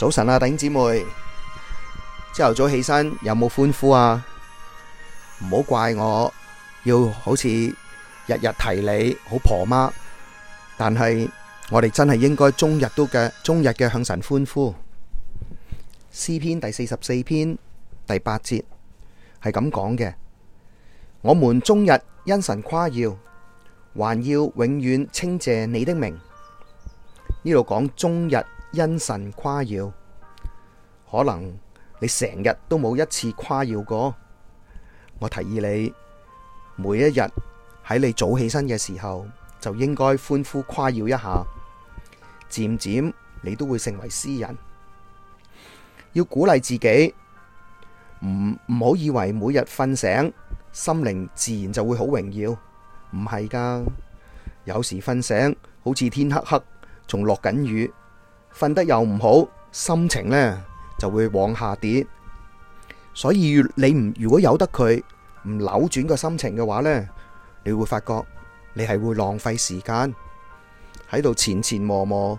早晨啊，弟兄姊妹，朝頭早起身有冇歡呼啊？唔好怪我，要好似日日提你好婆媽，但係我哋真係應該終日都嘅終日嘅向神歡呼。詩篇第四十四篇第八節係咁講嘅：我們終日因神誇耀，還要永遠稱謝你的名。呢度講終日。因神誇耀，可能你成日都冇一次誇耀過。我提議你每一日喺你早起身嘅時候就應該歡呼誇耀一下，漸漸你都會成為詩人。要鼓勵自己，唔唔好以為每日瞓醒心靈自然就會好榮耀，唔係噶。有時瞓醒好似天黑黑，仲落緊雨。瞓得又唔好，心情呢就會往下跌，所以你唔如果有得佢唔扭轉個心情嘅話呢，你會發覺你係會浪費時間，喺度前前磨磨，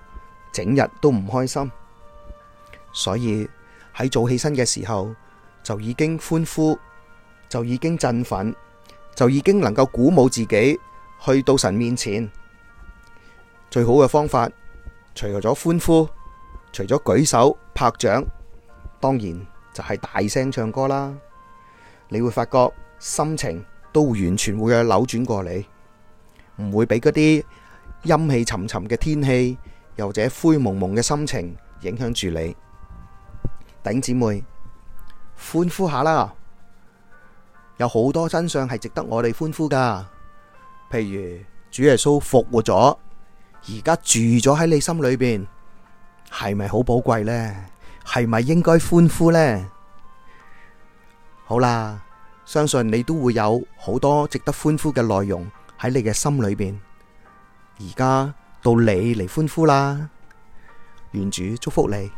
整日都唔開心。所以喺早起身嘅時候就已經歡呼就經，就已經振奮，就已經能夠鼓舞自己去到神面前。最好嘅方法。除咗歡呼，除咗舉手拍掌，當然就係大聲唱歌啦。你會發覺心情都完全會有扭轉過嚟，唔會俾嗰啲陰氣沉沉嘅天氣，又或者灰濛濛嘅心情影響住你。頂姊妹，歡呼下啦！有好多真相係值得我哋歡呼㗎，譬如主耶穌復活咗。而家住咗喺你心裏邊，係咪好寶貴咧？係咪應該歡呼咧？好啦，相信你都會有好多值得歡呼嘅內容喺你嘅心裏邊。而家到你嚟歡呼啦！願主祝福你。